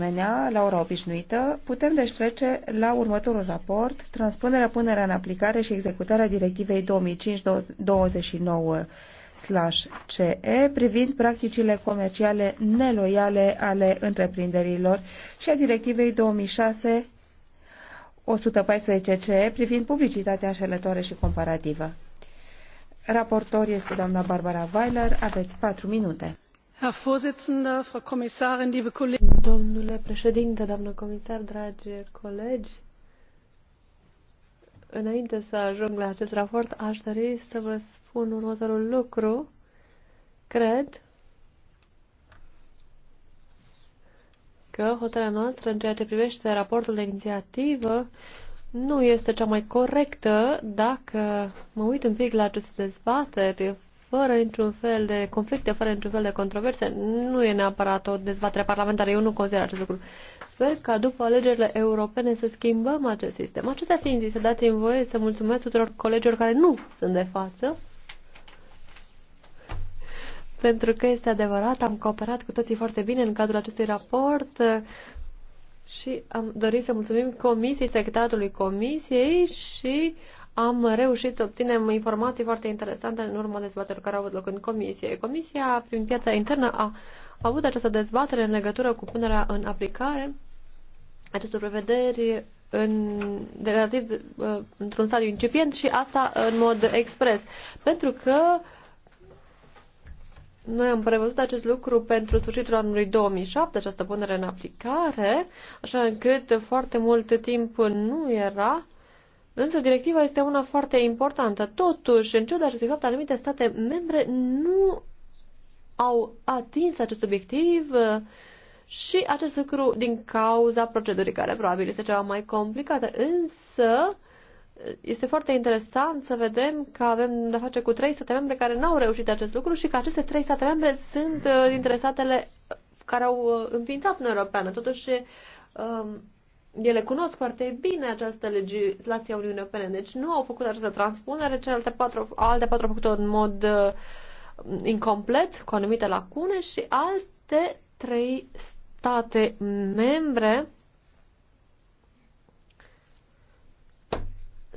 asemenea, la ora obișnuită, putem deci trece la următorul raport, transpunerea, punerea în aplicare și executarea directivei 2005-29 CE privind practicile comerciale neloiale ale întreprinderilor și a directivei 2006 114 CE privind publicitatea înșelătoare și comparativă. Raportor este doamna Barbara Weiler. Aveți patru minute. Domnule președinte, doamnă comisar, dragi colegi, înainte să ajung la acest raport, aș dori să vă spun următorul lucru. Cred că hotărârea noastră în ceea ce privește raportul de inițiativă nu este cea mai corectă dacă mă uit un pic la aceste dezbateri fără niciun fel de conflicte, fără niciun fel de controverse. Nu e neapărat o dezbatere parlamentară, eu nu consider acest lucru. Sper ca după alegerile europene să schimbăm acest sistem. Acestea fiind zise, dați-mi voie să mulțumesc tuturor colegilor care nu sunt de față, pentru că este adevărat, am cooperat cu toții foarte bine în cadrul acestui raport și am dorit să mulțumim Comisiei, Secretarului Comisiei și am reușit să obținem informații foarte interesante în urma dezbaterilor care au avut loc în comisie. Comisia, prin piața internă, a avut această dezbatere în legătură cu punerea în aplicare acestor prevederi în, de relativ uh, într-un stadiu incipient și asta în mod expres. Pentru că noi am prevăzut acest lucru pentru sfârșitul anului 2007, această punere în aplicare, așa încât foarte mult timp nu era uh, Însă directiva este una foarte importantă. Totuși, în ciuda acestui fapt, anumite state membre nu au atins acest obiectiv uh, și acest lucru din cauza procedurii care probabil este ceva mai complicată. Însă, uh, este foarte interesant să vedem că avem de face cu trei state membre care n-au reușit acest lucru și că aceste trei state membre sunt uh, dintre statele care au înființat în Europeană. Totuși, um, ele cunosc foarte bine această legislație a Uniunii Europene, deci nu au făcut această transpunere, celelalte patru, alte patru au făcut-o în mod uh, incomplet, cu anumite lacune și alte trei state membre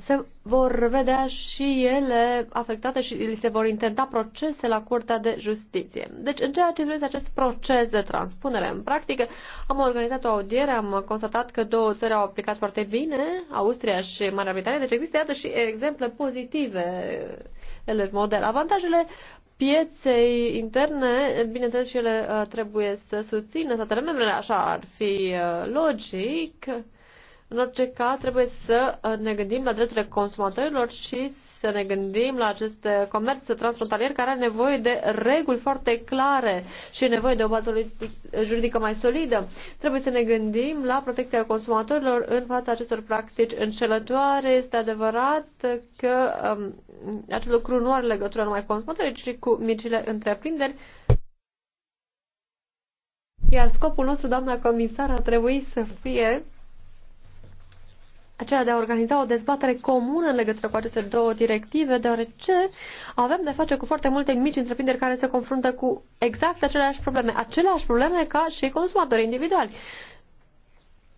se vor vedea și ele afectate și li se vor intenta procese la Curtea de Justiție. Deci, în ceea ce vreți acest proces de transpunere în practică, am organizat o audiere, am constatat că două țări au aplicat foarte bine, Austria și Marea Britanie, deci există, iată, și exemple pozitive ele model. Avantajele pieței interne, bineînțeles, și ele uh, trebuie să susțină statele membre, așa ar fi uh, logic. În orice caz, trebuie să uh, ne gândim la drepturile consumatorilor și să ne gândim la acest comerț transfrontalier care are nevoie de reguli foarte clare și e nevoie de o bază juridică mai solidă. Trebuie să ne gândim la protecția consumatorilor în fața acestor practici înșelătoare. Este adevărat că um, acest lucru nu are legătură numai cu consumatorii, ci cu micile întreprinderi. Iar scopul nostru, doamna comisar, ar trebui să fie aceea de a organiza o dezbatere comună în legătură cu aceste două directive, deoarece avem de face cu foarte multe mici întreprinderi care se confruntă cu exact aceleași probleme, aceleași probleme ca și consumatorii individuali.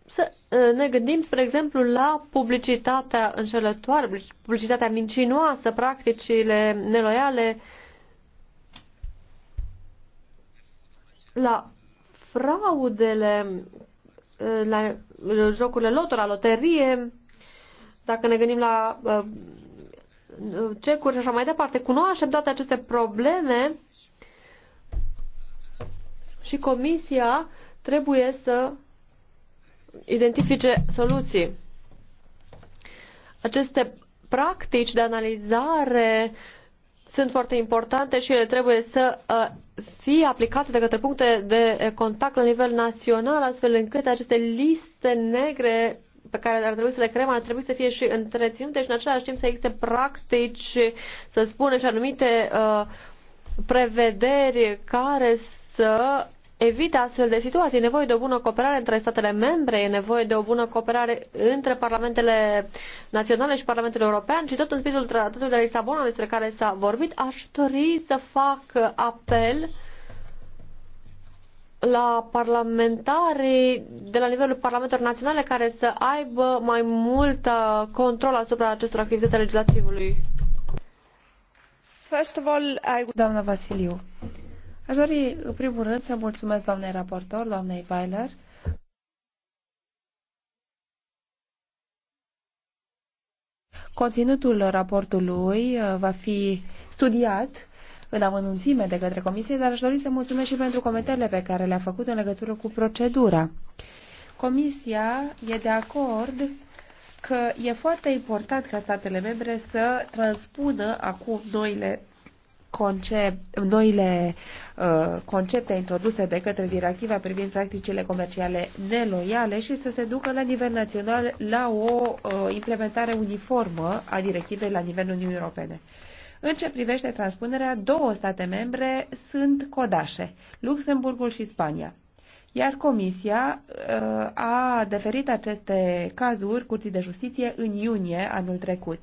Să ă, ne gândim, spre exemplu, la publicitatea înșelătoare, publicitatea mincinoasă, practicile neloiale, la fraudele la jocurile loto, la loterie, dacă ne gândim la uh, cecuri și așa mai departe. Cunoaștem toate aceste probleme și Comisia trebuie să identifice soluții. Aceste practici de analizare sunt foarte importante și ele trebuie să uh, fie aplicate de către puncte de contact la nivel național, astfel încât aceste liste negre pe care ar trebui să le creăm ar trebui să fie și întreținute și în același timp să existe practici, să spunem, și anumite uh, prevederi care să evită astfel de situații. E nevoie de o bună cooperare între statele membre, e nevoie de o bună cooperare între parlamentele naționale și Parlamentul European și tot în spiritul tratatului de la Lisabona despre care s-a vorbit, aș dori să fac apel la parlamentarii de la nivelul parlamentelor naționale care să aibă mai mult control asupra acestor activități legislativului. First of all, I... Doamna Vasiliu, Aș dori, în primul rând, să mulțumesc doamnei raportor, doamnei Weiler, Conținutul raportului uh, va fi studiat în amănunțime de către comisie, dar aș dori să mulțumesc și pentru comentariile pe care le-a făcut în legătură cu procedura. Comisia e de acord că e foarte important ca statele membre să transpună acum noile concept, noile uh, concepte introduse de către directiva privind practicile comerciale neloiale și să se ducă la nivel național la o uh, implementare uniformă a directivei la nivelul Uniunii Europene. În ce privește transpunerea, două state membre sunt codașe, Luxemburgul și Spania. Iar Comisia uh, a deferit aceste cazuri Curții de Justiție în iunie anul trecut.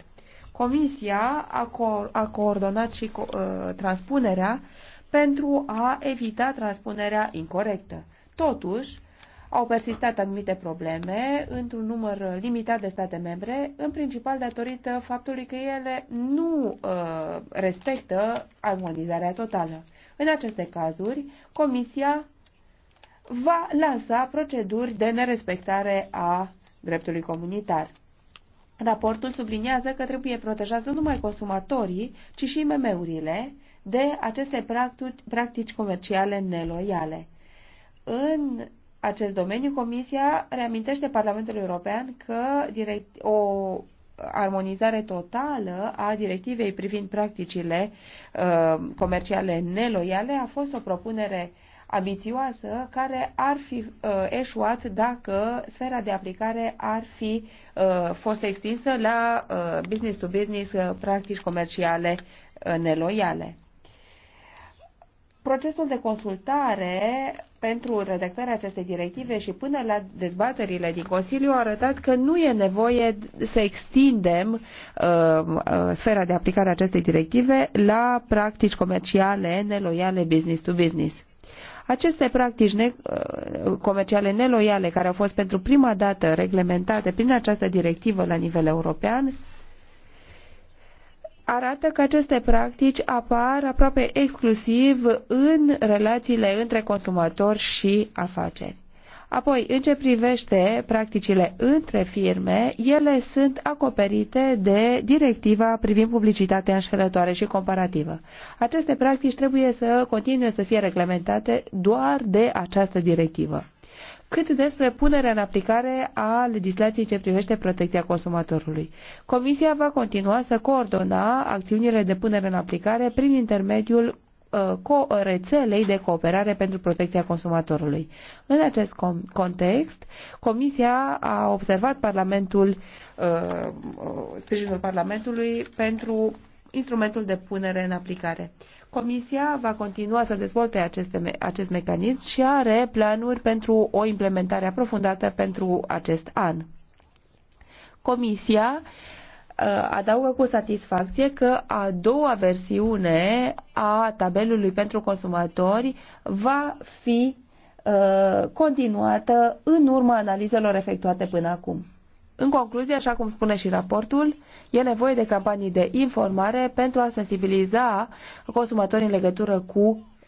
Comisia a, co- a coordonat și co- ă, transpunerea pentru a evita transpunerea incorrectă. Totuși, au persistat anumite probleme într-un număr limitat de state membre, în principal datorită faptului că ele nu uh, respectă armonizarea totală. În aceste cazuri, Comisia va lansa proceduri de nerespectare a dreptului comunitar. Raportul subliniază că trebuie protejați nu numai consumatorii, ci și mm urile de aceste practici comerciale neloiale. În acest domeniu, Comisia reamintește Parlamentului European că direct, o armonizare totală a directivei privind practicile uh, comerciale neloiale a fost o propunere uh, ambițioasă care ar fi uh, eșuat dacă sfera de aplicare ar fi uh, fost extinsă la uh, business to business uh, practici comerciale uh, neloiale. Procesul de consultare pentru redactarea acestei directive și până la dezbaterile din Consiliu a arătat că nu e nevoie să extindem uh, uh sfera de aplicare a acestei directive la practici comerciale neloiale business to business. Aceste practici ne uh, comerciale neloiale care au fost pentru prima dată reglementate prin această directivă la nivel european arată că aceste practici apar aproape exclusiv în relațiile între consumatori și afaceri. Apoi, în ce privește practicile între firme, ele sunt acoperite de directiva privind publicitatea înșelătoare și comparativă. Aceste practici trebuie să continue să fie reglementate doar de această directivă cât despre punerea în aplicare a legislației ce privește protecția consumatorului. Comisia va continua să coordona acțiunile de punere în aplicare prin intermediul Uh, rețelei de cooperare pentru protecția consumatorului. În acest context, Comisia a observat Parlamentul, uh, uh, sprijinul Parlamentului pentru instrumentul de punere în aplicare. Comisia va continua să dezvolte aceste, acest mecanism și are planuri pentru o implementare aprofundată pentru acest an. Comisia uh, Uh, adaugă cu satisfacție că a doua versiune a tabelului pentru consumatori va fi uh, continuată în urma analizelor efectuate până acum. În concluzie, așa cum spune și raportul, e nevoie de campanii de informare pentru a sensibiliza consumatorii în legătură cu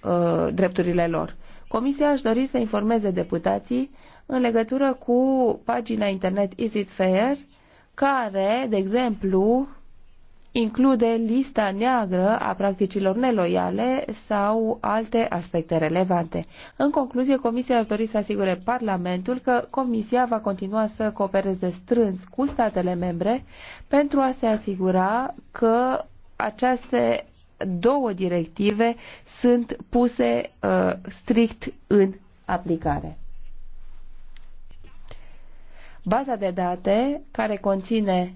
uh, drepturile lor. Comisia aș dori să informeze deputații în legătură cu pagina internet Is It Fair, uh, care, de exemplu, include lista neagră a practicilor neloiale sau alte aspecte relevante. În concluzie, Comisia ar dori să asigure Parlamentul că Comisia va continua să coopereze strâns cu statele membre pentru a se asigura că aceste două directive sunt puse uh, strict în aplicare. Baza de date care conține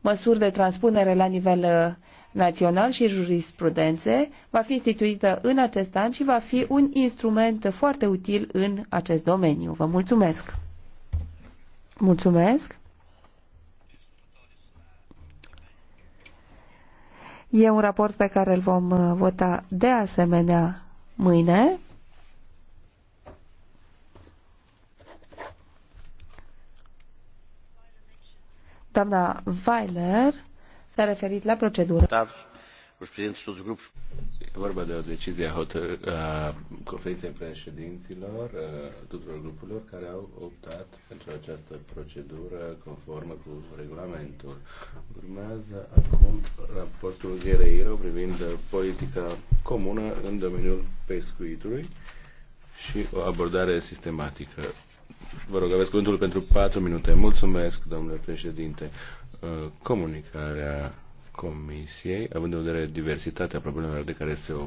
măsuri de transpunere la nivel uh, național și jurisprudențe va fi instituită în acest an și va fi un instrument foarte util în acest domeniu. Vă mulțumesc! Mulțumesc! E un raport pe care îl vom uh, vota de asemenea mâine. Doamna Weiler s-a referit la procedură. Dar, E vorba de o decizie a, conferinței președinților tuturor grupurilor care au optat pentru această procedură conformă cu regulamentul. Urmează acum raportul Guerreiro privind politica comună în domeniul pescuitului și o abordare sistematică Vă rog, aveți cuvântul pentru 4 minute. Mulțumesc, domnule președinte. Uh, comunicarea Comisiei, având în vedere diversitatea problemelor de care se